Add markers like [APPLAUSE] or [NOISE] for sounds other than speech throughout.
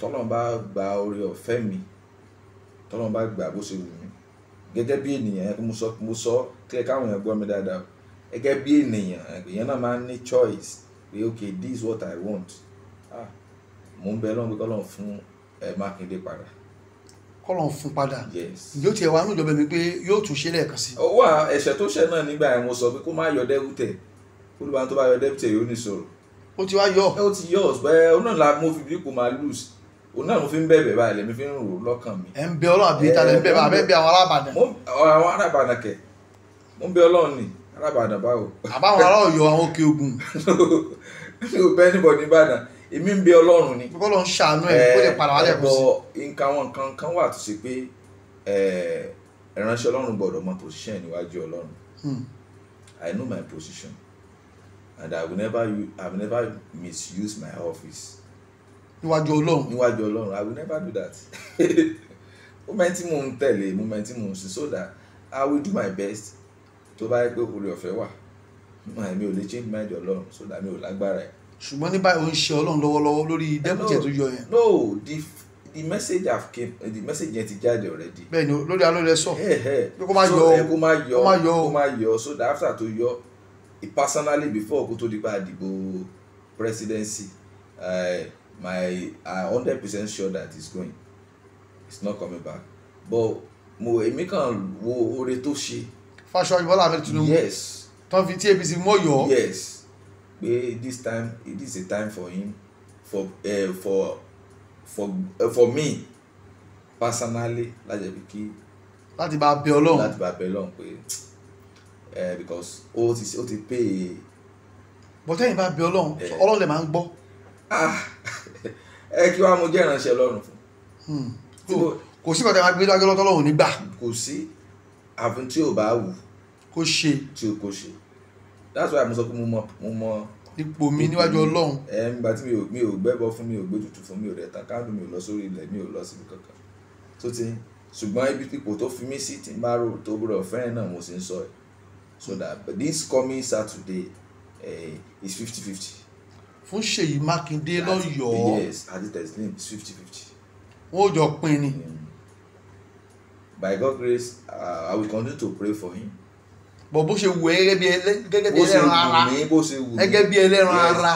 tọ́lọ́n bá gba oore ọ̀fẹ́ mi tọ́lọ́n bá gbà bó ṣe wù mí gẹ́gẹ́ bí ènìyàn mo sọ mo sọ kílẹ̀ káwọn èèyàn gbọ́ mi dáadáa gẹ́gẹ́ bí ènìyàn èèyàn náà máa ń ní choice pé okay this is what I want ah mo ń bẹ lọ́n pé kọ́lọ́n fún ẹ Mákindé padà kọ́lọ́n fún padà yóò tiẹ̀ wá níjọba mi pé yóò tún ṣe lẹ́ẹ̀kan sí. owó ẹ̀ṣẹ̀ tó ṣẹ̀ náà nígbà yẹn mo sọ pé kó má yọ dẹ́rù tẹ̀ olùbánu tó bá yọ dẹ́rù tẹ̀ yóò ní sọ̀rọ̀. ó ti wá yọ. ó ti yọ ọ̀sùn bẹ́ẹ̀ ó la mo fi bí kò máa lose òun náà mo fi ń bẹ̀bẹ̀ báyìí lèmi fi ń rò lọ́kàn mi. ẹ ń bẹ ọlọ́run àbí ìtàlẹ̀ ń bẹ bá abẹ́ ń bẹ àwọn àwọn arábàdàn kẹ mo ń bẹ ọlọ́run ni arábàdàn báwo. àbáwọn ará Ọ̀yọ́ àwọn òkè ogun. [LAUGHS] mi ò bẹ níbọ̀ ní Ìbàdàn èmi ń bẹ ọlọ́run ni. bọ́lá ń ṣàánú ẹ̀ kó lè padà wálẹ̀ kó sí. nǹkan àwọn nǹkan kan wà tó ṣe pé ìránṣẹ́ ọlọ́run gbọ́dọ̀ mọ position níwájú ọlọ́run. Hmm. I know my position and I will never, I will never misuse my office níwájú ọlọ́run níwájú ọlọ́run i will never do that [LAUGHS] moment tí mò ń tẹ̀lé moment tí mò ń sin so that i will do my best tó bá yẹ pé orí ọ̀fẹ́ wà mi ò lè change mind ọlọ́run so that mi ò lágbára ẹ̀. ṣùgbọ́n ní báyìí ó ń ṣe ọlọ́run lọ́wọ́lọ́wọ́ lórí dẹ́kùtẹ̀ tó yọ yẹn. no the the message have came the message yẹn ti jáde already. bẹ́ẹ̀ni lórí alóore sọ eh, kó má yọ kó má yọ kó má yọ so that after tó yọ personally before kó tó di pa àdìbò presidency. Uh, my i hundred percent sure that he's going he's not coming back but mo èmi kàn wo oore tó ṣe. Fashion Bola Ahmed Tinubu yes tán fi tí APC mọ̀yọ́. yes pé this time it is a time for him for uh, for for uh, for me personally lájẹbi kí. láti bá a bẹ Ọlọ́run láti bá bẹ Ọlọ́run pé uh, because O ti ó ti pay. bọ́tẹ́yìn bá a bẹ Ọlọ́run Ọlọ́run lè máa ń gbọ́. ah ẹ kí wàá mo jẹ́ ìránṣẹ́ ọlọ́run fún. Hmm. kò sí kọ́tà gbé dájọ́ lọ́tọ́lọ́hùn nígbà. kò sí àfin tí ò bá wù. kó ṣe. tí o kò ṣe that's why mo sọ pé mo mọ mo mọ. ipò mi níwájú ọlọ́run. ẹ nígbà tí mi ò gbẹ́bọ fún mi ò gbé tutù fún mi ò rẹ̀ tán káàdùn mi ò lọ sórí ilẹ̀ mi ò lọ síbi kankan tó ti ṣùgbọ́n ibi pípò tó fi mí sí ti bá rò tó gbọ́dọ̀ fẹ́ràn náà mo sì ń sọ ẹ̀ so that this coming Saturday eh, is fifty fifty fún Ṣèyí Mákindé lọ́yọ̀ọ́ wọ́n jọ pín ni. Mm. by God's grace uh, I will continue to pray for him. bọ̀ bó ṣe wù ẹ́ gẹ́gẹ́ bí ẹlẹ́ran ara gẹ́gẹ́ bí ẹlẹ́ran ara.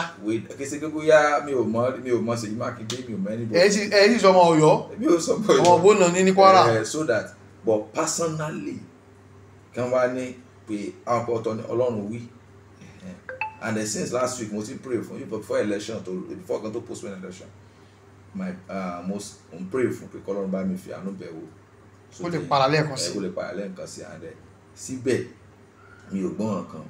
kìsì gbogbo yá mi ò mọ mi ò mọ Ṣèyí Mákindé mi ò mọ ẹni bó. ẹ sì sọ ọmọ Ọ̀yọ́ ọmọ ògbónà ní ní Kwara. Eh, so that but personally kí wọ́n wá ní pé àwọn ọ̀tọ̀ ni Ọlọ́run wí and then since last week mo pray for you before election to before kan tó postpone election my uh, mo n pray for pé kọ́lọ́run bá mi fi anu bẹ̀ wò. kó lè para lẹ́ẹ̀kan sí. kó lè para lẹ́ẹ̀kan Si and then síbẹ̀ mi ò gbọ́n nǹkan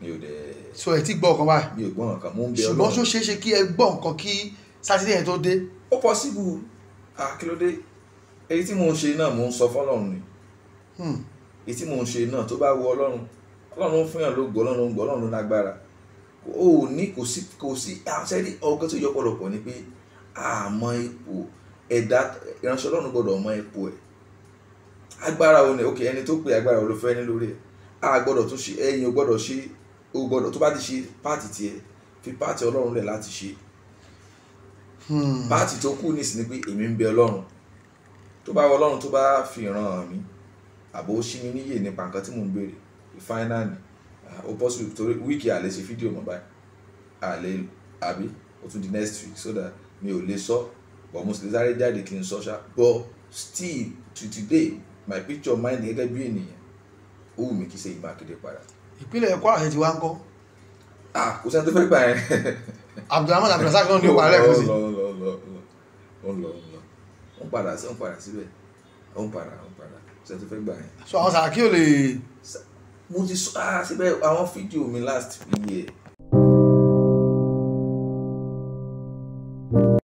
mi ò dẹ̀. so ẹ ti gbọ́ nǹkan báyìí. mi ò gbọ́n nǹkan mo ń bẹ ọlọ́run. ṣùgbọ́n tó ṣeé ṣe kí ẹ gbọ́ nǹkan kí sátidé yẹn tó dé. ó pọ́síbù àkílódé èyí tí mo ń ṣe náà mo ń sọ fọlọ́run ni hmm. èyí tí mo ń ṣe náà tó bá wù ọlọ́run ọlọ́run fún yàn ló gbọ́ ọlọ́run gbọ́ ọlọ́run lágbára o ò ní kò sí kò sí àṣẹ́rí ọgbọ́n tí ó yọ ọ̀pọ̀lọpọ̀ ni pé àmọ́ ipò ẹ̀dá ìránṣẹ́ ọlọ́run gbọ́dọ̀ mọ ipò ẹ̀ agbára òun ẹ̀ ok ẹni tó pè agbára òun ló fẹ́ ní lórí ẹ̀ a gbọ́dọ̀ tún ṣe ẹ̀yin o gbọ́dọ̀ ṣe o gbọ́dọ̀ tó bá ti ṣe páàtì tiẹ̀ fi páàtì ọlọ́run lẹ̀ láti ṣe hmm. páàtì tó kù ní ìsìn pé èmi ń bẹ ọlọ́run tó bá wọ ọlọ́run tó bá fi ràn mí àbò ó ṣí mi níyè nípa nǹkan tí mò ń béèrè ìfáínà ni ó possible torí wíìkì se ṣe fídíò mọ́ a àlè àbí o tún di next week so that mi ò lè sọ but mo sì lè sáré jáde kí n but still to today my picture mind gẹ́gẹ́ bí ènìyàn ó wù mí kí ṣe ìmákéde padà. ìpínlẹ̀ Kwara ṣe ti wá ń kọ́. ah kò sẹ́ni tó fẹ́ gbà yẹn. Abdulrahman Abdulrasaq náà ní ìpàdé ẹ̀kọ́ sí. ó lọ ó lọ ó lọ ó lọ ó ń padà síbẹ̀ ó ń padà ó ń padà kò sẹ́ni tó fẹ́ gbà yẹn. sọ àwọn sàràkí lè mo ti sọ ah síbẹ̀ àwọn fídíò mi last year